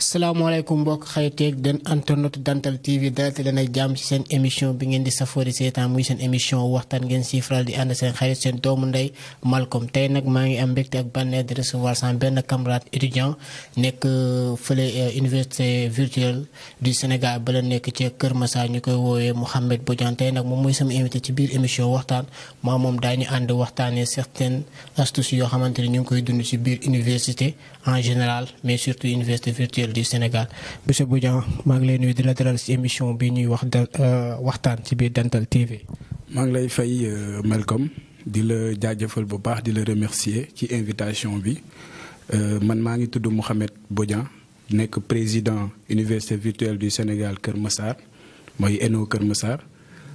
alaykum mbokk xayteeg den internet Dental TV dalal te leen ak jàmm ci seen émission bi ngeen di safoo di seetaan muy seen émission waxtaan ngeen si di ànd seen xarit seen doomu ndey Malcom tey nag maa ngi am mbégte ak bànneex di recevoir sans benn camarade étudiant nekk euh, fële euh, université virtuelle du Sénégal bala la nekk ci Kër Massa ñu koy woowee Mouhamed Bodian tey nag moom mooy sama invité ci biir émission waxtaan maa moom daañu ànd waxtaanee certaines astuces yoo xamante ne ñu ngi koy dund ci biir université en général mais surtout université virtuelle du Sénégal monsieur Bodian maa ngi lay di la dalal ci émission bi ñuy wax euh, waxtaan ci biir Dental TV. maa ngi lay fay euh, Malcolm di le jaajëfal bu baax di remercier ci invitation bi euh, man maa ngi Mohamed Mouhamed Bodian nekk président université virtuelle du Sénégal Kër Massar mooy ENO Kër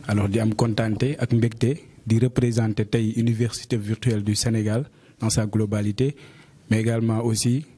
alors di am contenté ak mbégte di représenter l'Université université virtuelle du Sénégal dans sa globalité mais également aussi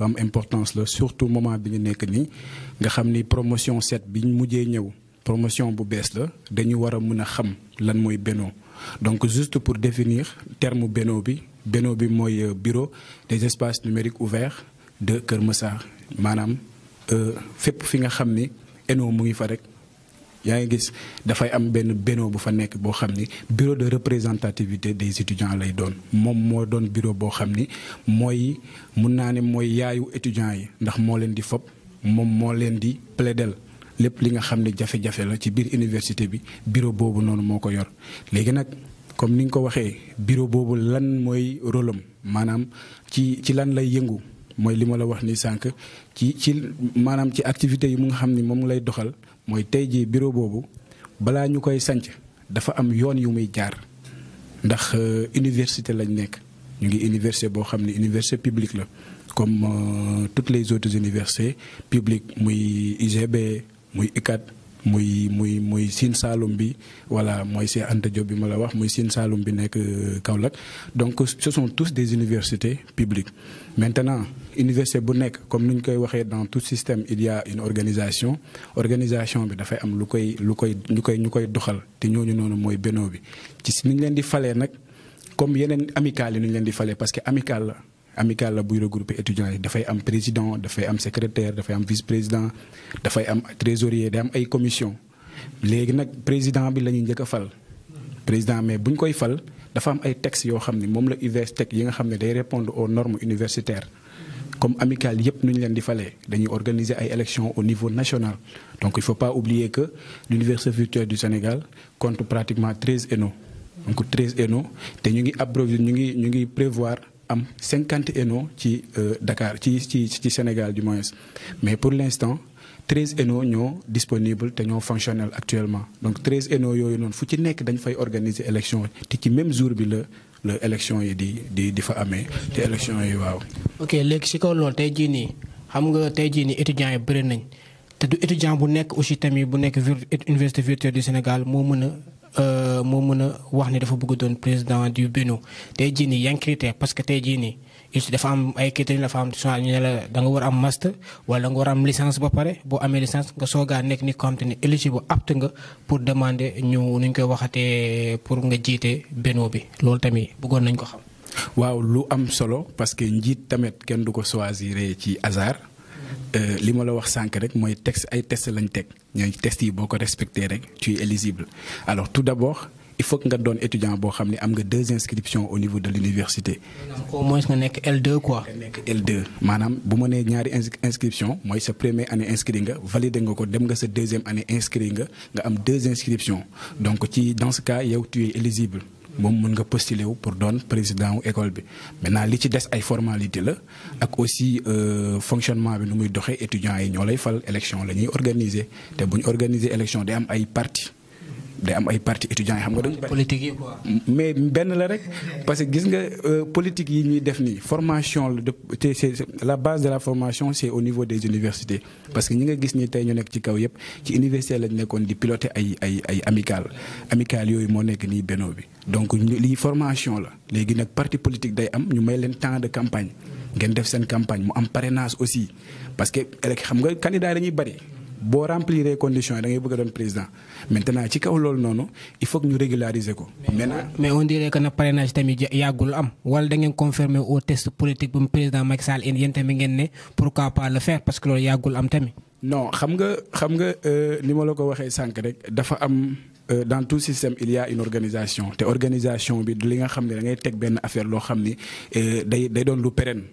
L'importance, am importance moment bi nekk promotion 7 la promotion bu la dañu donc juste pour définir terme Benno bi euh, bureau des espaces numériques ouverts de Kermessa manam euh fi yaa ngi gis dafay am benn benoo bu fa nekk boo xam ni bureau de représentativité des étudiants lay doon moom moo doon bureau boo xam ni mooy mun naa ne mooy yaayu étudiants yi ndax moo leen di fob moom moo leen di plaidel lépp li nga xam ne jafe-jafe la ci biir université bi bureau boobu noonu moo ko yor léegi nag comme ni nga ko waxee bureau boobu lan mooy rôle maanaam ci ci lan lay yëngu mooy li ma la wax ni sànq ci ci maanaam ci activités yi mu nga xam ni moom lay doxal moy tayji bureau bobu bala ñu koy dafa am yoon yu muy jaar ndax euh, université lañ nek ñu ngi université bo xamni université publique la comme euh, toutes les autres universités publiques muy IGB muy ICAT muy muy muy Sine Saloum bi voilà moy c'est Anta Diop bi mala wax muy Sine Saloum bi nek euh, Kaolack donc ce sont tous des universités publiques maintenant université bu comme nous dans tout système il y a une organisation organisation bi am lu koy lu koy ñu koy koy comme amical, parce que amical, amical la étudiants am président secrétaire vice président un trésorier am commission légui nag président bi lañu fal président mais koy fal textes répondre aux normes universitaires comme Amical, yep nu ñu organiser une élections au niveau national donc il faut pas oublier que l'université virtuelle du Sénégal compte pratiquement 13 éno. donc 13 éno, nous ñu ngi ñu prévoir euh, Sénégal du moins mais pour l'instant 13 éno sont disponibles et fonctionnels fonctionnel actuellement donc 13 éno, il faut fu ci élection même l'élection élection yi di di di fa amé té élection yi waaw. ok léegi si kaw loolu tey jii nii xam nga tey jii nii étudiants yi bëri nañ te du étudiant bu nekk aussi tamit bu nekk université virtuelle du Sénégal moo mën a. Euh, moo mën a wax ni dafa bëgg doon président du Bénin tey jii nii critère parce que tey jii nii il dafa am ay dafa am ñu la da nga master wala da nga licence ba pare boo amee licence nga a nekk ni de apte pour demander ñu ñu koy waxatee pour nga jiite bi loolu tamit bëggoon nañ ko xam. waaw parce que njiit tamit kenn du ko choisir ci hasard. Mm-hmm. Euh, li ma la wax sànq rek mooy texte ay test lañ test yi respecté tu es alors tout d'abord il faut que nga doon étudiant étudiants xamni am nga deux inscriptions au niveau de l'université au moins nga nek L2 quoi. nek L2 manam bu ma nee ñaari inscription moy sa première année inscrit nga validé nga ko dem nga sa deuxième année inscrit nga nga am deux inscriptions donc ci dans ce cas yow tu es éligible mom mën nga postuler pour donne président ou école bi maintenant li ci des ay formalité la ak aussi euh, fonctionnement bi nu muy étudiants yi ñoo fal élection lañuy organiser té buñ organiser élection day am ay parti des am ay parti étudiants xam nga politique yi quoi. mais ben la rek parce que gis nga euh, politique yi ñuy def formation la de c'est la base de la formation c'est au niveau des universités. parce que ñi nga gis ni tey ñu nekk ci kaw yëpp ci université lañ nekkoon di piloter ay ay ay amical amical yooyu mo nekk ni beno bi. donc li formation la légui nak parti politique day am ñu may leen temps de campagne ngeen def sen campagne mu am parrainage aussi parce que xam nga candidat dañuy bari bo remplir conditions da ngay bëgg doon président maintenant ci kaw loolu noonu il faut que ñu régulariser ko. maintenant mais on dirait que na parrainage tamit yagul am wala da ngeen confirmer au test politique bu président Macky Sall yéen tamit ngeen ne pourquoi pas le faire parce que loolu yagul am tamit. non xam nga xam nga euh, ni ma la ko waxee sànq rek dafa am. Euh, dans tout système il y a une organisation te organisation bi du li nga xam ne da ngay teg benn affaire loo xam ni euh, day day doon lu pérenne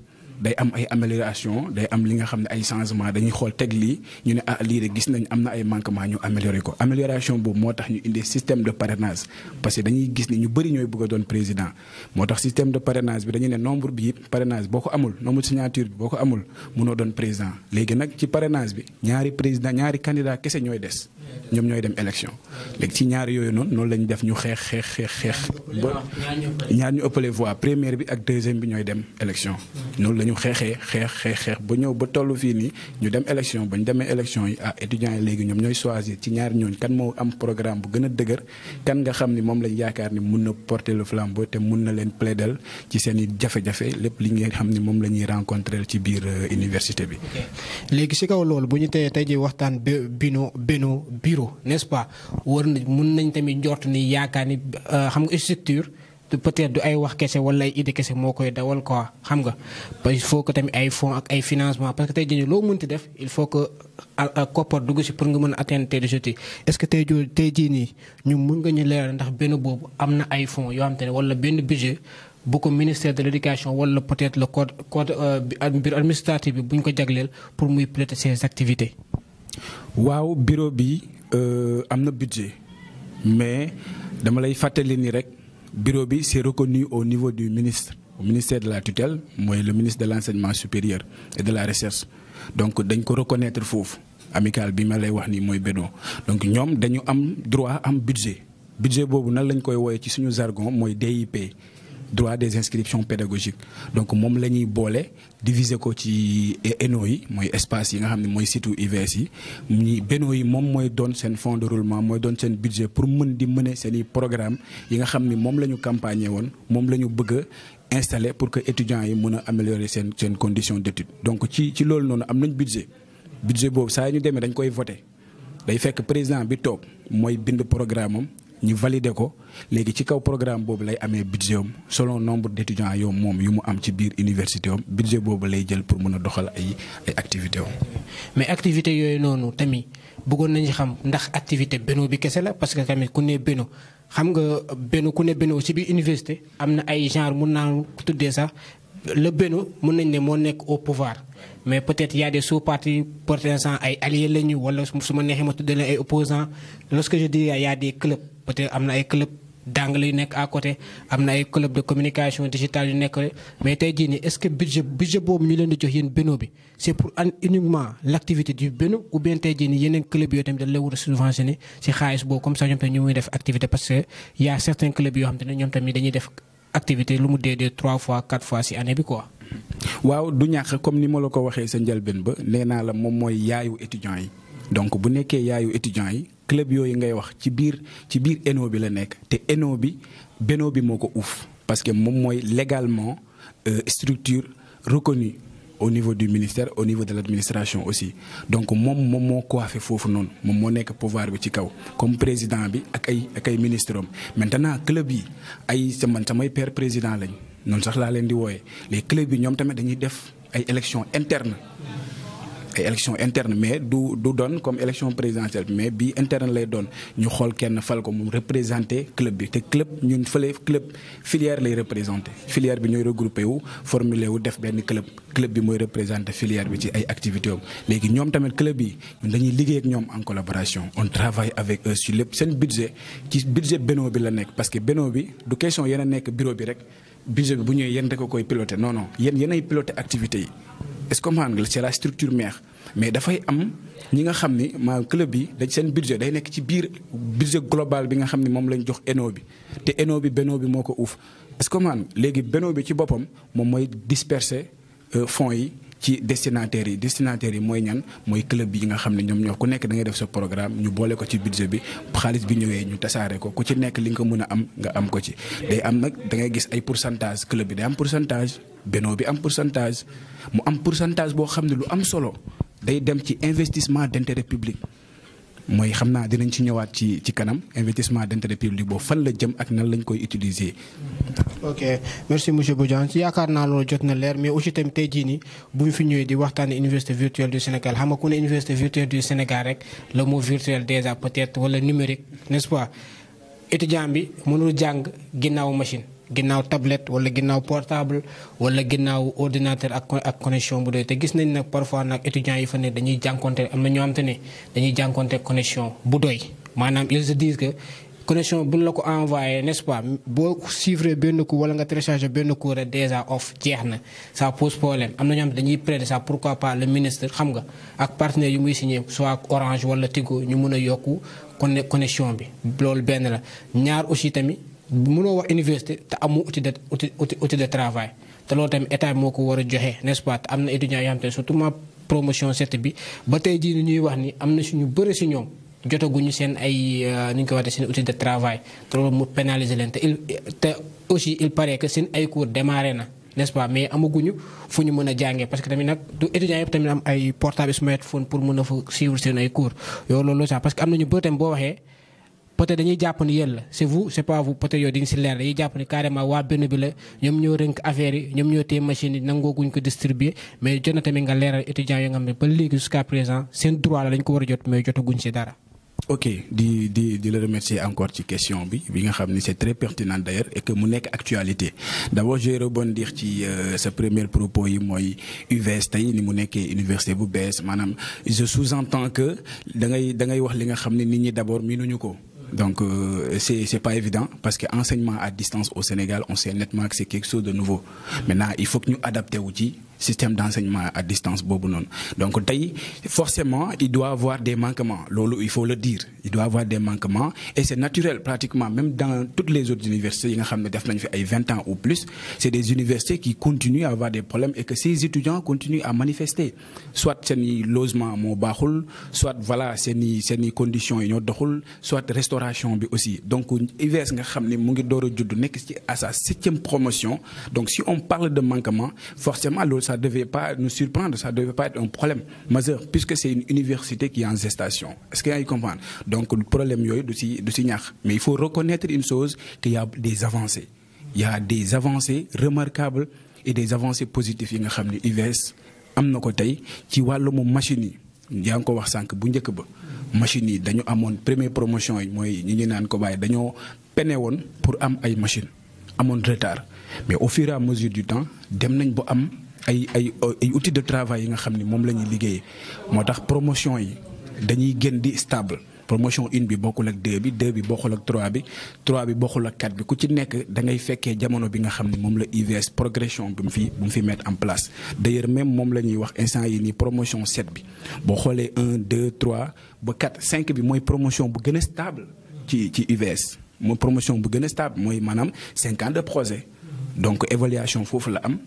day am ay amélioration day am li nga xamné ay changement dañuy xol teg li ñu né ah lii de gis nañ amna ay manquement ñu améliorer ko amélioration bu motax ñu indi système de parrainage parce que dañuy gis ni ñu bari ñoy bëgg doon président motax système de parrainage bi dañuy né nombre bi parrainage boko amul nombre signature bi boko amul mëno doon président légui nak ci parrainage bi ñaari président ñaari candidat kessé ñoy dess ñom ñoy dem élection légui ci ñaari yoyu noonu noonu lañ def ñu xex xex xex xex ba ñaar ñu ëppalé voix première bi ak deuxième bi ñoy dem élection noonu lañu ñu xeexee xeex xeex xeex ba ñëw ba tollu fii nii ñu dem élection ba ñu demee élection yi ah étudiants yi léegi ñoom ñooy choisir ci ñaari ñooñ kan moo am programme bu gën a dëgër kan nga xam ni moom lañ yaakaar ni mun na porter le flambeau te mun na leen plaidel ci seen i jafe-jafe lépp li nga xam ni moom la ñuy rencontrer ci biir euh, université bi. léegi si kaw loolu bu ñu tey tey ji waxtaan bino bino bureau n'est-ce pas war na mun nañ tamit njort ni yaakaar ni euh, xam nga peut-être du ay wax kessé wala ay idée kessé mokoy dawal quoi xam nga il faut que tam ay fonds ak ay financement parce que tey jii loo mënti def il faut que koppar dugg ci pour nga mën atteindre tes objectifs est-ce que tey jii tey jii nii ñu mën nga ñu leer ndax benn bobu amna ay fonds yo xam te wala benn budget bu ko ministère de l'éducation wala peut-être le code code euh, bureau administratif bi buñ ko jagleel pour muy piloter ses activités. waaw bureau bi euh amna budget mais dama lay fàttali ni rek bureau s'est reconnu au niveau du ministre au ministère de la tutelle moi le ministre de l'enseignement supérieur et de la recherche donc dañ ko reconnaître fouf amical bi ma wax donc ñom dañu am droit am budget budget Le nan lañ koy woyé ci suñu jargon DIP droit des inscriptions pédagogiques donc moom la bolé, boole diviser ko ci ENO yi mooy espace yi nga xam ne mooy surtout UVS beno yi fonds de roulement mooy doon seen budget pour mener di programme yi nga xam ni moom la ñu campagner la bëgg installer pour que étudiants yi améliorer leurs conditions d'études. d'étude donc ci ci l'ol non am nañ budget budget ça saa ñu voter. dañ koy voter day président bi toog mooy bind programme ñu valider ko légui ci kaw programme bobu lay amé budget selon nombre d'étudiants yo mom moom yu mu am ci biir université am budget bobu lay jël pour mëna doxal ay ay activités mais activité yoy noonu tammi bëggon nañu xam ndax activité beno bi kese la parce que tammi ku ne beno xam nga beno ku beno ci biir université amna ay genre mun naa tuddee sax le beno mun nañ ne moo nekk au pouvoir. mais peut-être y a des sous-partis portant ay alliés lañu wala suma ma ma tuddé leen ay opposants lorsque je dis y a des clubs. peut-être am na ay club d'anglais yu nekk à côté am na ay club de communication digitale yu nekk mais tey jii nii est-ce que budget budget boobu ñu leen di jox yéen Beno bi c'est pour an uniquement l'activité du Beno ou bien tey jii nii yeneen club yooyu tamit dañ la war a subventionné si xaalis boobu comme ça ñoom tamit ñu muy def activité parce que y certains clubs yoo xam te ne ñoom tamit dañuy def activité lu mu dee dee trois fois quatre fois si année bi quoi. waaw du ñàkk comme ni ma la ko waxee sa njëlbeen ba nee naa la moom mooy yaayu étudiants yi. donc bu nekkee yaayu étudiant yi club yooyu ngay wax ci biir ci biir ENO bi la nek te ENO bi beno bi moko ouf parce que mom moy légalement euh, structure reconnue au niveau du ministère au niveau de l'administration aussi donc mom moom moo coiffé fofu non. mom mo nek pouvoir bi ci kaw comme président bi ak ay ak ay ministre maintenant club yi ay sa man père président lañ non sax la len di woyé les clubs yi ñom tamit dañuy def ay élections internes ay élection interne mais du du donne comme élection présidentielle mais bi interne lay donne. ñu xol kenn fal ko représenter représenter club bi té club ñun feulé club filière lay représenter filière bi ñoy regrouper wu formulé wu def ben club club bi moy représenter filière bi ci ay activités. am léegi ñoom tamit club nous ñun dañuy liggéey ak ñom en collaboration on travaille avec eux sur le sen budget ci budget beno bi la nek parce que Benoît, bi du question yéen nek bureau bi rek budget bi bu ñëwee yéen rek a koy piloter non non y yéenay piloter activités yi est-ce que comprendre nga la structure mère mais dafay am ñi nga xam ni maanaam club bi dañ seen budget day nekk ci biir budget global bi nga xam ni moom lañ jox eno bi te eno bi beno bi moo ko uuf est que comprendre léegi beno bi ci boppam moom mooy disperse euh, fonds yi. ci destinataires yi destinataires yi mooy ñan mooy club yi nga xam ne ñoom ñoo ku nekk da ngay def sa programme ñu boole ko ci budget bi xaalis bi ñëwee ñu tasaare ko ku ci nekk li nga mën a am nga am ko ci day am nag dangay gis ay pourcentage club bi day am pourcentage benoo bi am pourcentage mu am pourcentage boo xam ne lu am solo day dem ci investissement d'intérêt public mooy xam naa dinañ ci ñëwaat ci ci kanam investissement d'intérêt public boobu fan la jëm ak nan lañ koy utiliser. ok merci monsieur Bodian yaakaar naa loolu jot na leer mais aussi tamit tey jii nii bu ñu fi ñëwee di waxtaanee université virtuelle du Sénégal xam nga ku ne université virtuelle du Sénégal rek le mot virtuel déjà peut-être wala numérique nest pas étudiant bi mënul jàng ginnaaw machine. ginnaaw tablette wala ginnaaw portable wala ginnaaw ordinateur ak ak bu doy te gis nañ nag parfois nag étudiants yi fa ne dañuy jànkonte am na ñoo xam te ne dañuy jànkonte connexion bu doy maanaam ils se disent que connexion bu ñu la ko envoyé n'est-ce pas boo chiffré benn coup wala nga téléchargé benn coup rek déjà off jeex na ça pose problème am na ñoo xam dañuy prêter ça pourquoi pas le ministre xam nga ak partenaire yu muy signé soit Orange wala Tigo ñu mën a yokku mënoo wax université te amu outil de outil outil de travail te loolu tamit état moo ko war a joxe n'est-ce pas te am na étudiants yoo xam te surtout tey jii ñuy wax ni am na suñu bëri si ñoom jotaguñu seen ay euh, nu ñu koy waxee seen outil de travail te loolu mu pénaliser te il te aussi il paraît que seen ay cours démarré na nest pas mais amaguñu fu ñu mën a jàngee parce que tamit nag du étudiants yëpp tamit am ay portable smartphone pour mën a fa suivre seen ay cours yow loolu sax parce que am na ñu bëri tamit boo waxee. peut-être dañuy jàpp ni yéen la c'est vous c'est pas vous peut-être yow di nga si ni carrément wa benn bi la ñom ñoo rënk affaire yi ñoom ñoo té machine yi nangooguñ ko distribuer mais jot na nga leeral étudiant yi nga xam ne ba léegi jusqu'à présent c'est droit la dañ ko wara jot mais jotaguñ ci dara. ok di di di le remercier encore ci question bi bi nga xamni c'est très pertinent d'ailleurs et que mu nek actualité d'abord je vais rebondir ci euh, sa première propos yi moy UVS tey ni mu nek université bu bees manam je sous-entends que da ngay da ngay wax li nga xamni nit ñi d'abord miinuñu ko. Donc, euh, ce c'est pas évident parce que enseignement à distance au Sénégal, on sait nettement que c'est quelque chose de nouveau. Maintenant, il faut que nous adaptions l'outil système d'enseignement à distance donc forcément il doit avoir des manquements il faut le dire il doit avoir des manquements et c'est naturel pratiquement même dans toutes les autres universités yi nga a ans ou plus c'est des universités qui continuent à avoir des problèmes et que ces étudiants continuent à manifester soit ni logement mo soit voilà c'est ni conditions ñoo soit restauration aussi donc IVS nga xamné mu ngi à sa septième promotion donc si on parle de manquements, forcément ça ça ne devait pas nous surprendre, ça ne devait pas être un problème majeur, puisque c'est une université qui est en gestation. Est-ce qu'il y a comprendre Donc, le problème, c'est de signaler. Mais il faut reconnaître une chose, qu'il y a des avancées. Il y a des avancées remarquables et des avancées positives. Il y a des avancées qui ko tey ci Il machine il y a ko wax machines. bu njëkk ba machine yi dañu première promotion yi ñi ngi ko bàyyi pour am ay machine retard mais au fur et à mesure du temps dem nañ bu outils de travail que la promotion est stable. Promotion 1 bi bokul ak 2 bi 2 bi bokul ak 3 bi 3 bi bokul ak 4 bi ku ci nek da ngay fekke jamono bi nga xamni mom la IVS progression bi mu fi bu fi mettre en place d'ailleurs même mom lañuy wax instant yi ni promotion 7 bi bo xolé 1 2 3 ba 4 5 bi moy promotion bu gëna stable ci ci IVS mo promotion bu gëna stable moy manam 50 de projet donc évaluation fofu la am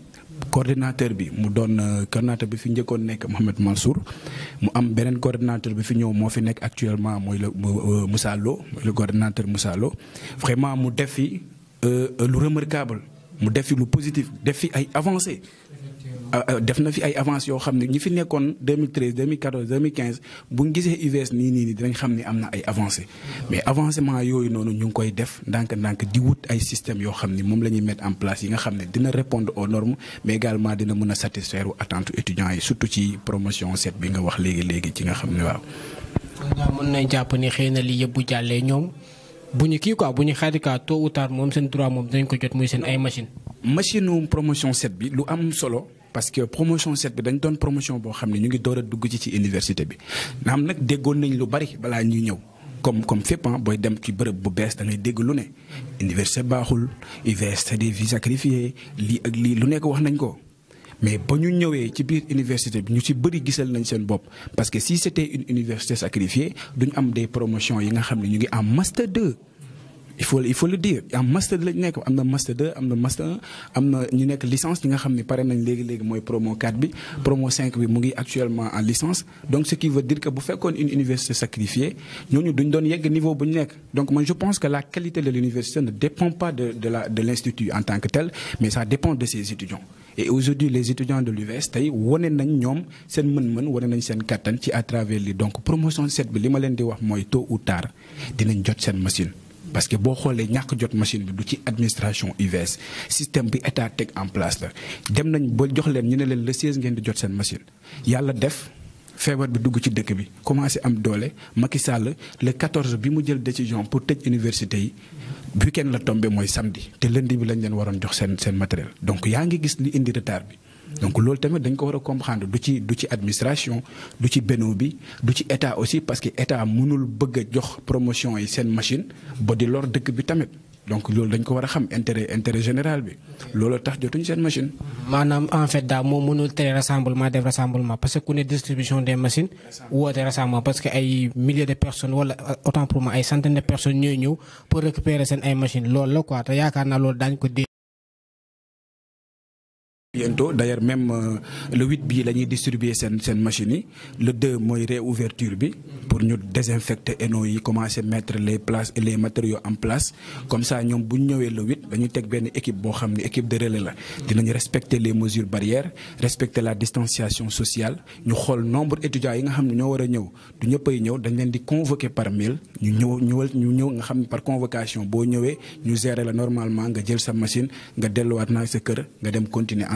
coordinateur bi mu donne euh, coordinateur bi fi njëkkoon Mohamed Mansour mu am benen coordinateur bi fi ñëw fi actuellement moy le euh, euh, Moussa le coordinateur Moussa vraiment mu défi, fi remarquable mu défi fi positif def fi ay avancées. Euh, euh, def na fi ay avance yoo xam ne ñi fi nekkoon 2013 2014 2015 bu ñu gisee UVS nii nii nii dinañ xam ne am na ay avancé mais avancement yooyu noonu ñu ngi koy def ndànk-ndànk di wut ay système yoo xam ne moom la ñuy mettre en place yi nga xam ne dina répondre aux normes mais également dina mën a satisfaire attente étudiants yi surtout ci promotion set bi nga wax léegi léegi ci nga xam ne waaw. mën nañ jàpp ni xëy na lii yëpp bu jàllee ñoom bu ñu kii quoi bu ñu xaati quoi tôt ou tard moom seen droit moom dañ ko jot muy seen ay machine machine promotion set bi lu am solo parce que promotion set bi dañ doon promotion bo xam ñu ngi doora dugg ci ci université bi nga xam nag déggoon nañ lu bari bala ñu ñew comme comme fépp ah, boy dem ci bërëb bu bees da ngay dégg lu né université baaxul université des vies sacrifiées li ak li lu nekk wax nañ ko mais ba ñu ñëwee ci biir université bi ñu ci bëri gisal nañ seen bop parce que si c'était une université sacrifiée duñ am des promotions yi nga xam ñu ngi am master 2 il faut il faut le dire un master de nekk un master 2 un master 1 un na ñu licence ñi nga xam ne nañ léegi léegi promo 4 bi promo 5 bi mu actuellement en licence donc ce qui veut dire que bu faites une université sacrifiée nous duñ donnons yegg niveau bu donc moi je pense que la qualité de l'université ne dépend pas de de l'institut en tant que tel mais ça dépend de ses étudiants et aujourd'hui les étudiants de l'UVS tay woné nañ ñom sen mën-mën woné nañ sen kattan ci à travers li donc promotion 7 bi li ma di wax tôt ou tard dinañ jot parce que boo xoolee ñàkk jot machine bi du ci administration IVS, système bi état tech en place là. dem nañ ba jox leen ñu ne leen le 16 ngeen di jot sen machine Yalla def. feebar bi dugg ci dëkk bi commencé am doole Macky Sall le 14 bi mu jël décision pour tëj université yi bu kenn la tomber moy samedi té lundi bi lañ leen waron jox sen sen matériel donc yaa ngi gis li indi retard bi donc lool tamit dañ ko war a comprendre du ci du ci administration du ci beno bi du ci état aussi parce que état mënul bëgg jox promotion yi seen machine ba di lor dëkk bi tamit donc loolu dañ ko war a xam intérêt intérêt général bi loolu tax jotuñ seen machine. maanaam en fait daal moom mënul tere rassemblement def rassemblement parce que ku distribution des machines. woote rassemblement parce que ay milliers de personnes wala autant pour moi ay centaines de personnes ñooy ñëw pour récupérer seen ay machines loolu la quoi te yaakaar naa loolu daañu ko bientôt d'ailleurs même euh, le 8 bi la ñuy distribuer seen machine. le 2 mooy réouverture bi pour ñu désinfecter et yi commencer mettre les places et les matériaux en place comme ça nous, bu ñu le 8 nous avons une équipe bo xam équipe de relais la dinañu respecter les mesures barrières respecter la distanciation sociale ñu le nombre étudiants yi nga xam ne ñoo war a ñëw du ñëppay ñëw dañ leen di par mail ñu ñëw ñëwal ñu ñëw nga par convocation Bo nous ñu gérer la normalement nga jël sa machine nga delluwaat naa sa kër nga dem continuer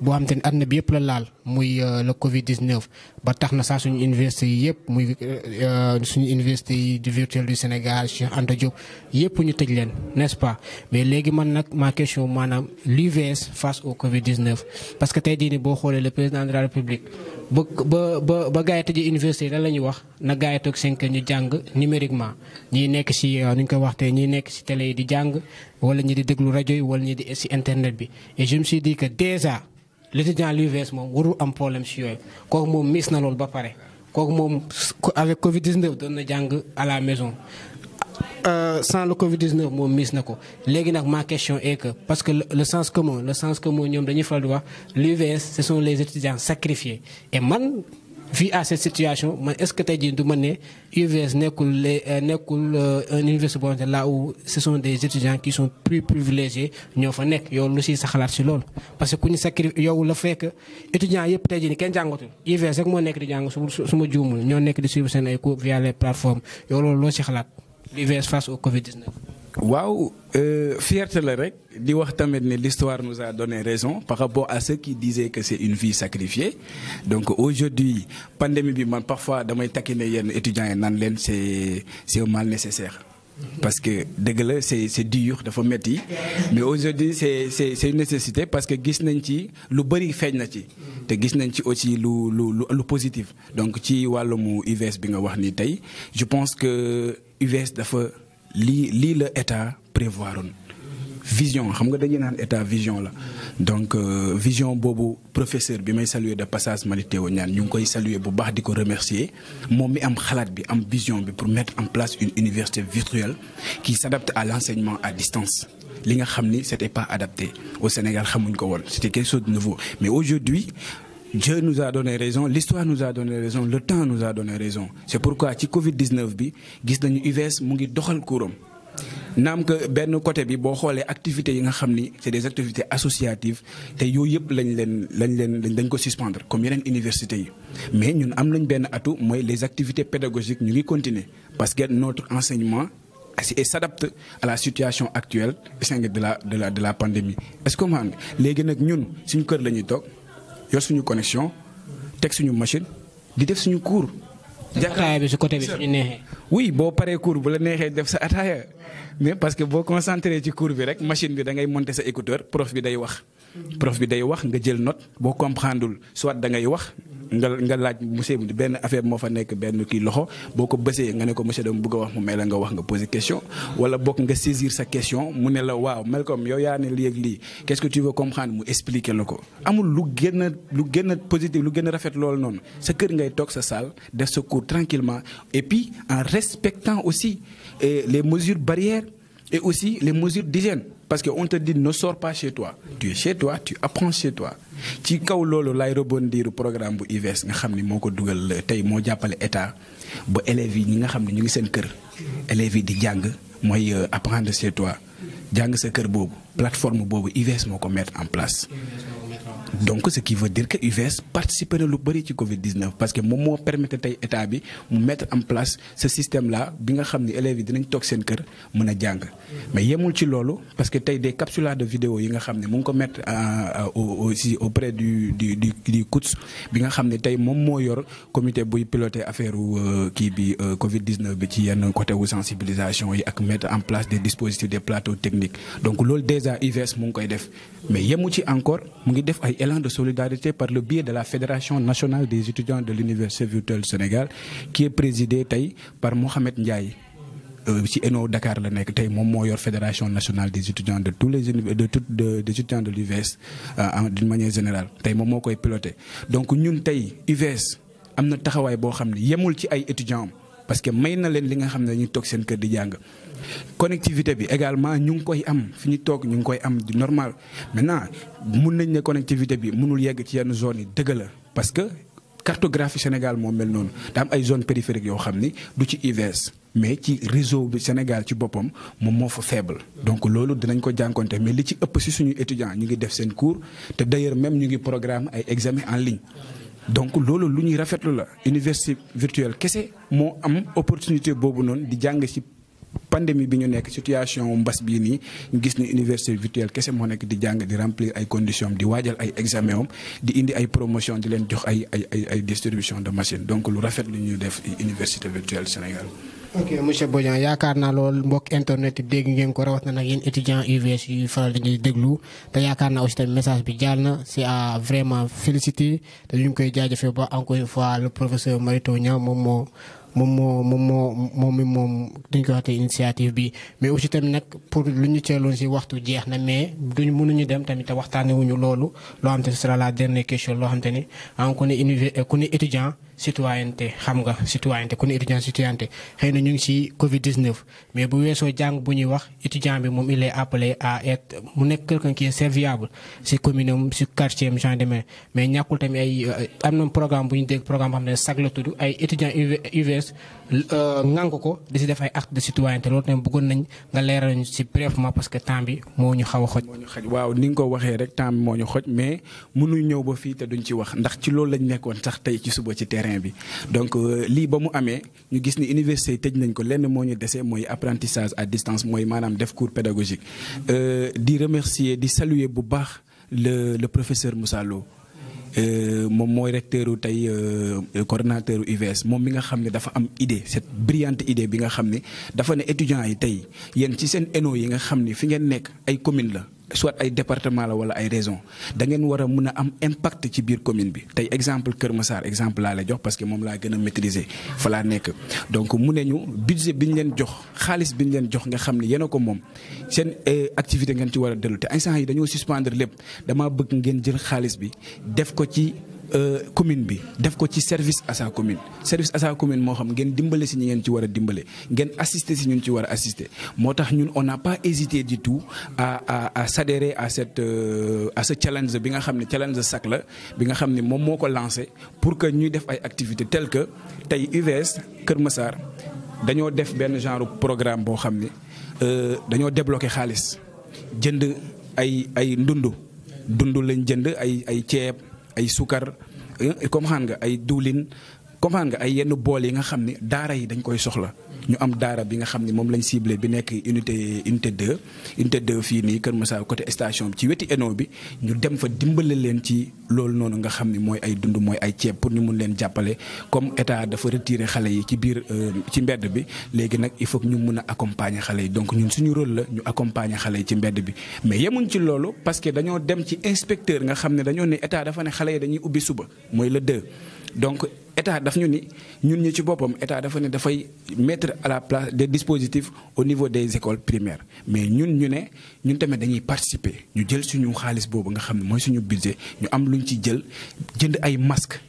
boo xam te ne àdduna bi yëpp la laal muy euh, le Covid 19 ba tax na saa suñu université yi yëpp muy euh, euh, suñu université yi du virtuel du Sénégal Cheikh Anta Diop yëpp ñu tëj leen n'est-ce pas mais léegi man nag ma question maanaam l'UVS face au Covid 19. parce que tey jii nii boo xoolee le président de la République ba ba ba ba gars yi tëjee université yi lan la ñuy wax na gars yi toog cinq ñu jàng numériquement ñii nekk si nu ñu koy waxtee ñii nekk si télé yi di jàng wala ñi di déglu rajo yi wala ñi di si internet bi l'étudiant l'UVS moom warul un problème sur yooyu kooku moom mis na loolu ba pare kooku avec Covid 19 doon na à la maison. Euh, sans le Covid 19 mon mis na pas léegi ma question est que parce que le sens commun le sens commun dañuy l'UVS ce sont les étudiants sacrifiés et man vu à cette situation man est-ce que tey jii du ma ne UVS nekkul les euh, euh, un université boo là où ce sont des étudiants qui sont plus privilégiés ñoo fa nekk yow lu siy sa xalaat si loolu. parce que ku ñu sacrifié yow la fekk étudiants yëpp tey jii nii kenn jàngatul UVS rek moo nekk di jàng su su ma juumul ñoo nekk di suivre seen ay cours via les plateformes yow loolu loo si xalaat UVS face au Covid 19. Wow, euh, fierté de rek, l'histoire nous a donné raison par rapport à ceux qui disaient que c'est une vie sacrifiée. Donc aujourd'hui, pandémie parfois damay les étudiants c'est c'est un mal nécessaire. Parce que c'est c'est c'est dur dafa metti mais aujourd'hui c'est une nécessité parce que gis nañ ci lu bari aussi le positif. Donc ci bi nga je pense que UVS dafa L'île li à état une vision xam nga dañuy nan état vision la donc euh, vision bobu professeur bi may saluer de passage Mary Teuw Niane ñu koy saluer bu baax diko remercier mom mi am bi am vision bi pour mettre en place une université virtuelle qui s'adapte à l'enseignement à distance li nga xamni c'était pas adapté au Sénégal xamuñ ko c'était quelque chose de nouveau mais aujourd'hui Dieu nous a donné raison l'histoire nous a donné raison le temps nous a donné raison c'est pourquoi la Covid 19 bi gis nañu UVS mu ngi doxal cours. Nous que benn côté bi activités c'est des activités associatives qui yooyu yëpp lañ leen lañ leen dañ comme université mais nous avons nañ benn les activités pédagogiques ñu continuer parce que notre enseignement et s'adapte à la situation actuelle de la de la de la pandémie est-ce que vous comprenez ñun suñu kër la nous yor suñu connexion tek suñu machine di def suñu cours. ataaya bi si côté bi suñu nexé oui bo paré cours bu la nexé def sa ataya mais parce que bo concentré ci cours bi rek machine bi da ngay monter sa écouteur prof bi day wax. prof bi day wax nga jël note bo comprendreul soit da ngay wax nga nga laaj monsieur Ben, affaire mo fa nek ben ki loxo boko ko nga ne ko monsieur dama bëgg wax mu mel nga wax nga poser question wala bok nga saisir sa question mu ne la waaw Malcolm yow yaa ne lii ak qu'est-ce que tu veux comprendre mu expliquer la amul lu gën lu gën positif lu gën a rafet l'ol non. sa kër ngay tok sa salle def sa cours tranquillement et puis en respectant aussi eh, les mesures barrières et aussi les mesures d'hygiène parce qu'on te dit ne sors pas chez toi tu es chez toi tu apprends chez toi ci kaw as lay rebondir programme bu IVS nga sais que moo ko dugal tey état ba élèves yi ñi nga xam ne ñu ngi seen kër élèves yi di jàng mooy euh, apprendre chez toi jàng sa cœur boobu plateforme pour IVS moo ko mettre en place donc ce qui veut dire que UVS participer na lu bëri ci Covid 19 parce que Momo permettait permettre tey état bi mettre en place ce système là bi nga xam élèves yi dinañ toog mais il y a jàng. mais ci parce que tey des capsules de vidéo yi nga xam ne ko mettre euh, euh, aussi auprès du du du du COUTS bi nga xam ne Momo moom moo yor comité buy piloter affaire qui euh, bi Covid 19 bi ci yenn côté de sensibilisation yi ak mettre en place des dispositifs des plateaux techniques donc lolo déjà UVS mu ngi koy def mais yemul ci encore mu ngi def élan de solidarité par le biais de la Fédération nationale des étudiants de l'Université virtuelle Sénégal qui est présidée tay, par Mohamed Ndiaye. Si euh, ENO Dakar la nek, tay moom fédération nationale des étudiants de tous les de toutes de des étudiants de euh, en d'une manière générale tay mon moo koy piloté donc ñun tay UVS am na taxawaay boo yemul ci étudiants parce que maintenant, les leen li nga xam ne dañuy toog seen connectivité bi également ñu ngi koy am fi ñu toog ñu ngi koy am du normal maintenant mun nañ ne connectivité bi mënul yegg ci yenn zones yi dëgg la parce que cartographie Sénégal moo mel noonu daa am ay zone périphériques yoo xam ni du ci IVS mais ci réseau bi Sénégal ci boppam moom moo fa faible donc loolu dinañ ko jànkonte mais li ci ëpp si suñu étudiant ñu ngi def seen cours te d'ailleurs même ñu ngi programme ay examen en ligne donc loolu lu ñuy rafetlu la université virtuelle kese moo am opportunité boobu noonu di jàng ci pandémie bi ñu nekk situation mbas bii nii ñu gis ni université virtuelle kese moo nekk di jàng di remplir ay condition di waajal ay examen am di indi ay promotion di leen jox ay ay ay ay distribution de machine donc lu rafet lu ñuy def université virtuelle Sénégal. ok monsieur Bodian yaakaar naa loolu mbokk internet yi dégg ngeen ko rawat na nag yéen étudiants UVS yu faral déglu te yaakaar naa aussi tamit message bi jàll na c'est à vraiment féliciter te ñu ngi koy jaajëfee ba encore une fois le professeur moom moo moom moo moom mi moom dañ koy waxtee initiative bi mais aussi tamit nag pour lu ñu teeloon si waxtu jeex na mais duñ mënuñu dem tamit te waxtaanewuñu loolu loo xam te ne ce sera la dernière question loo xam te ne ah, ku ne ku ne étudiant citoyenneté xam nga citoyenneté ku ne étudiant citoyenneté xëy na ñu ngi ci Covid 19. mais bu weesoo jàng bu ñuy wax étudiant bi moom il est appelé à être mu nekk quelqu'un qui est serviable ci commune am ci quartier am genre mais ñàkkul tamit ay euh, am na programme bu ñu dégg programme boo xam ne sag la tudd ay étudiant UVS euh, ngang ko di ci def ay acte de citoyenneté loolu tamit bëggoon nañ nga leeral ñu ci brièvement parce que temps bi moo ñu xaw a xoj. waaw ni nga ko waxee rek temps moo ñu xoj mais mënuñ ñëw ba fii te duñ ci wax ndax ci loolu lañ nekkoon sax tey ci suba ci terrain bi donc euh, li ba mu amee ñu gis ni université tëj nañ ko lenn moo ñu dese apprentissage à distance moy manam def cours pédagogique euh, di remercier di saluer bu baax le le professeur Moussa Lo euh, moom mooy recteuru tey coordinateur UVS mom mi nga xamné dafa am idée cette brillante idée bi nga xamné ne dafa né étudiant yi tay yeen ci sen éno yi nga xamné fi ngeen nek ay commune la soit ay département la wala ay région da ngeen war a mun a am impact ci biir commune bi tey exemple Kër ma Massar exemple laa la jox parce que moom laa gën a maîtriser fa laa nekk donc mu ne ñu budget bi ñu leen jox xaalis bi ñu leen jox nga xam ni yéen a ko moom seen eh, activité ngeen ci war a dellu te instant yi dañoo suspendre lépp damaa bëgg ngeen jël xaalis bi def ko ci. Euh, commune bi def ko ci service à sa commune service à sa commune mo xam ngeen dimbalé si ñeen ci wara dimbalé ngeen assister si ñun ci wara assister motax ñun on n'a pas hésité du tout à à à s'adhérer à cette euh, à ce challenge bi nga xam challenge sac la bi nga xam mom moko lancer pour que ñuy def ay activités telles que tay UVS Kër Massar dañoo def ben genre programme bo xam euh dañoo débloquer xaalis jënd ay ay ndundu Dundu lañ jënd ay ay tiep ay sukar eh, comme xam nga ay diwlin comme xam nga ay yenn bool yi nga xam ne daara yi dañ koy soxla. ñu am daara bi nga xamni mom lañ ciblé bi nek unité unité 2 unité 2 fi ni Kër massa côté station ci weti eno bi ñu dem fa dimbale leen ci lool noonu nga xamni moy ay dund moy ay ceeb pour ñu mën leen jappalé comme état dafa retirer xalé yi ci bir euh, ci mbedd bi légui nak il faut ñu mun accompagner xalé yi donc ñun suñu rôle la ñu accompagner xalé yi ci mbedd bi mais yemuñ ci loolu parce que dañoo dem ci inspecteur nga xamni dañoo né état dafa né xalé yi dañuy ubbi suba moy le 2 donc état daf ñu ni ñun ñi ci bopam état dafa ne fay mettre à la place des dispositifs au niveau des écoles primaires mais ñun ñu ne ñun tamit dañuy participer ñu jël suñu xaalis bobu nga xam moy suñu budget ñu am luñ ci jël jënd ay masques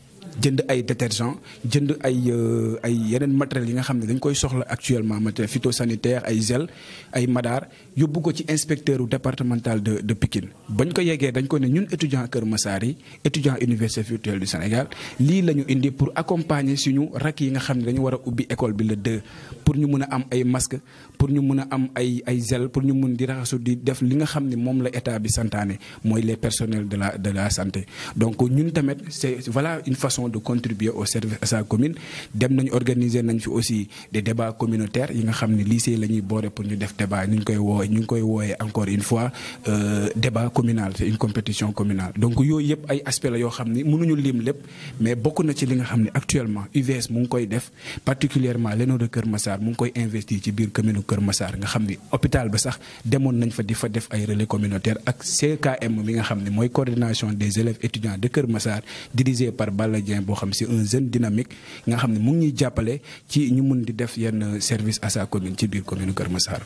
jënd ay détergent jënd ay euh, ay yeneen matériels yi nga xam ne dañ koy soxla actuellement matériel phytosanitaire ay gel ay madar yóbbu ko ci inspecteur départemental de de Pikine bañ ko yeggee dañ ko ne ñun étudiant Kër Massari étudiant université virtuelle du Sénégal lii la ñu indi pour accompagner suñu rak yi nga xam ne dañu war a ubbi école bi le 2 pour ñu mun a am ay masque pour ñu mun a am ay ay gel pour ñu mun di raxasu di def li nga xam ne moom la état bi santaane mooy les personnels de la de la santé donc ñun tamit c'est voilà une façon de contribuer au service à sa commune dem nañ organiser nañ fi aussi des débats communautaires yi nga xam lycée lañuy boré pour ñu def débat ñu koy woowe ñu koy woyé encore une fois euh, débat communal c'est une compétition communale donc yooyu yëpp ay aspect la yo xam ne mënuñu lim lepp mais bokku na ci li nga xam actuellement UVS mu ngi koy def particulièrement l'ENO de Cœur Massar mu ngi koy investir ci biir commune Kër Massar nga xamni hôpital ba sax demone nañ fa di fa def ay relais communautaires ak CKM mi nga xam moy coordination des élèves étudiants de Cœur Massar dirigé par Balla gardien boo xam si un jeune dynamique nga xam ne mu ngi ñuy jàppale ci ñu mun di def yenn service à sa commune ci biir commune Kër Massar.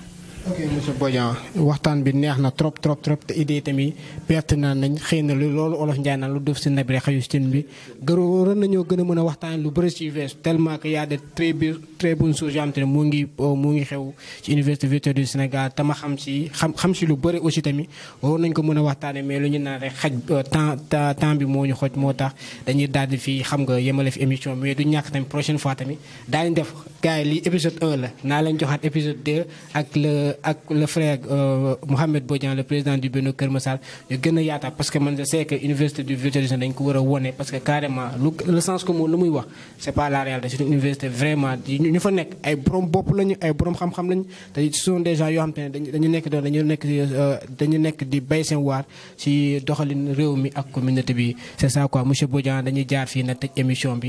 waxtaan bi neex na trop trop trop te idée tamit pertinent nañ xëy na loolu olof Ndiaye naan lu def si nabire xayu si bi gërëm nañoo gën a mën a waxtaan lu bëri si UVS tellement que de très très bonnes choses yoo te mu ngi euh, mu ngi xew ci université virtuelle du Sénégal te ma xam si xam xam si lu bëri aussi tamit waroon nañ ko mën a waxtaanee mais lu ñu naan rek xaj euh, temps temps bi moo ñu xoj moo tax dañuy daal di fi xam nga yemale fi émission mais du ñàkk tamit prochaine fois tamit gars 1 la 2 le frère euh, Mohamed Bodian le président du Benoît Kër je ñu gën parce que je sais que université du dañ ko parce que carrément le sens que lu muy pas la réalité c'est une université vraiment ñu fa ay lañu ay xam-xam lañu gens dañu dañu euh, di bay communauté bi ça quoi monsieur Bodian dañuy jaar émission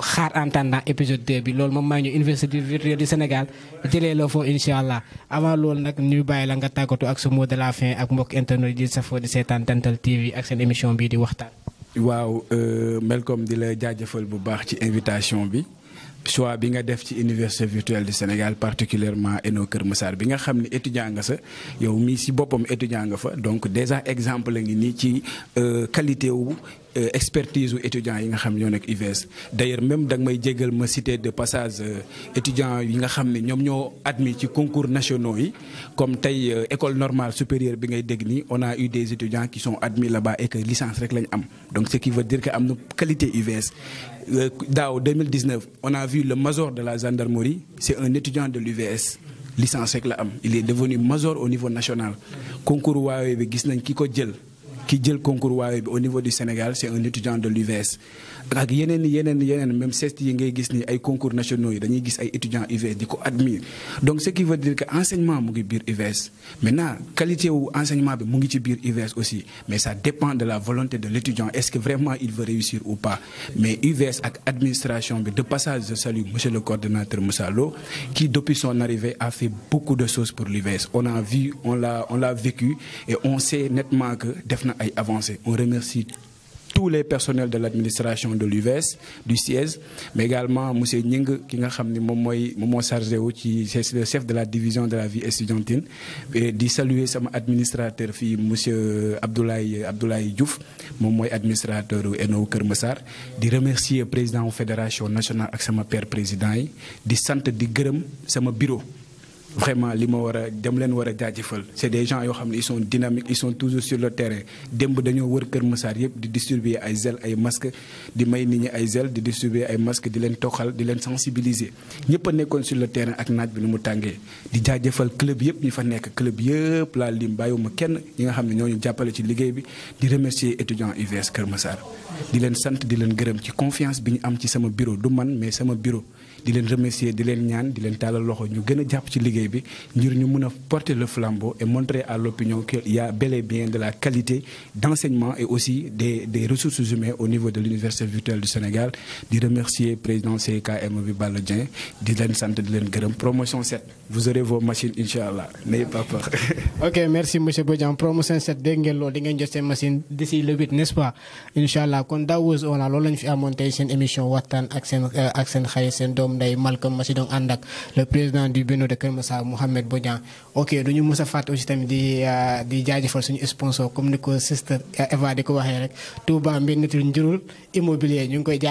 xaar en attendant épisode 2 bi loolu moom may ñu université virtuelle du Sénégal jëlee la foo incha allah avant loolu nag ñu bàyyi la nga tàggatu ak sa mot de la fin ak mbokk internet di safoo di seetaan Dental TV ak seen émission bii di waxtaan. waaw euh, Melcom di la jaajëfal bu baax ci invitation bi choix bi nga def ci université virtuelle du Sénégal particulièrement ENO Kër Massar bi nga xam ne étudiant nga sa yow mii si boppam étudiant nga fa donc déjà exemple la ngi nii ci euh, qualité wu. Euh, expertise ou étudiants yi nga xam ñoo d'ailleurs même dans may ma cité de passage étudiants yi nga xam ne ñoo euh, admis ci concours nationaux comme tey euh, école normale supérieure bi ngay on a eu des étudiants qui sont admis là-bas et que licence rek lañ am donc ce qui veut dire que am une qualité UVS En 2019 on a vu le major de la gendarmerie c'est un étudiant de l'UVS licence rek la il est devenu major au niveau national concours waaye bi gis nañ kiko qui dit le concours au niveau du Sénégal, c'est un étudiant de l'UVS ak yeneen yeneen yeneen même qui yi ngay gis ni ay concours nationaux yi dañuy gis ay étudiants UVS di admire donc ce qui veut dire que enseignement mu ngi biir UVS maintenant qualité wu enseignement bi mu ngi ci biir aussi mais ça dépend de la volonté de l'étudiant est-ce que vraiment il veut réussir ou pas mais UVS ak administration bi de passage je salue monsieur le coordonnateur Moussa qui depuis son arrivée a fait beaucoup de choses pour l'UVS on a vu on l'a on l'a vécu et on sait nettement que DEFNA a ay on remercie tous les personnels de l'administration de l'UVS du CIES, mais également monsieur Nying qui est le chef de la division de la vie estudiantine et de saluer son administrateur M. monsieur Abdoulaye Abdoulaye Diouf mon administrateur ENO Kër de remercier le président fédération nationale ak sama père président yi di de di gërëm sama bureau vraiment li ma war dem leen des gens ils sont dynamiques ils sont toujours sur le terrain démb dañoo wër Kër Massar yëpp di distribuer ay ay di may distribuer ay masque di di sensibiliser sur le terrain ak bi mu di club yëpp ñu fa club yëpp laa lim bàyyiwuma kenn ñi nga xam ne ñoo ci bi di remercier étudiants UVS Kër Massar di confiance am bureau du mais sama bureau di leen remercier di leen ñaan di leen talal loxo ñu gëna japp ci liggéey bi ngir ñu mëna porter le flambeau et montrer à l'opinion qu'il y a bel et bien de la qualité d'enseignement et aussi des des ressources humaines au niveau de l'université virtuelle du Sénégal di remercier président CKM bi Balla Dieng di leen sant di leen gërëm promotion 7 vous aurez vos machines inshallah. n'ayez pas peur. ok merci monsieur Bodian promotion 7 de ngeen lo di ngeen jossé machine d'ici le 8 n'est-ce pas inshallah, quand kon daaw on a loolu lañu fi amoon sen émission waxtaan ak sen euh, ak sen xaye sen Ndeye Malcolm ma si doon ànd ak le président du Benno de Kër Massar Mouhamed Bodian ok duñu mës a fàtte aussi tamit di euh, di jaajëfal suñu sponsor comme ni ko sister Eva di ko waxee rek Touba mbir nitul njurul immobilier ñu ngi koy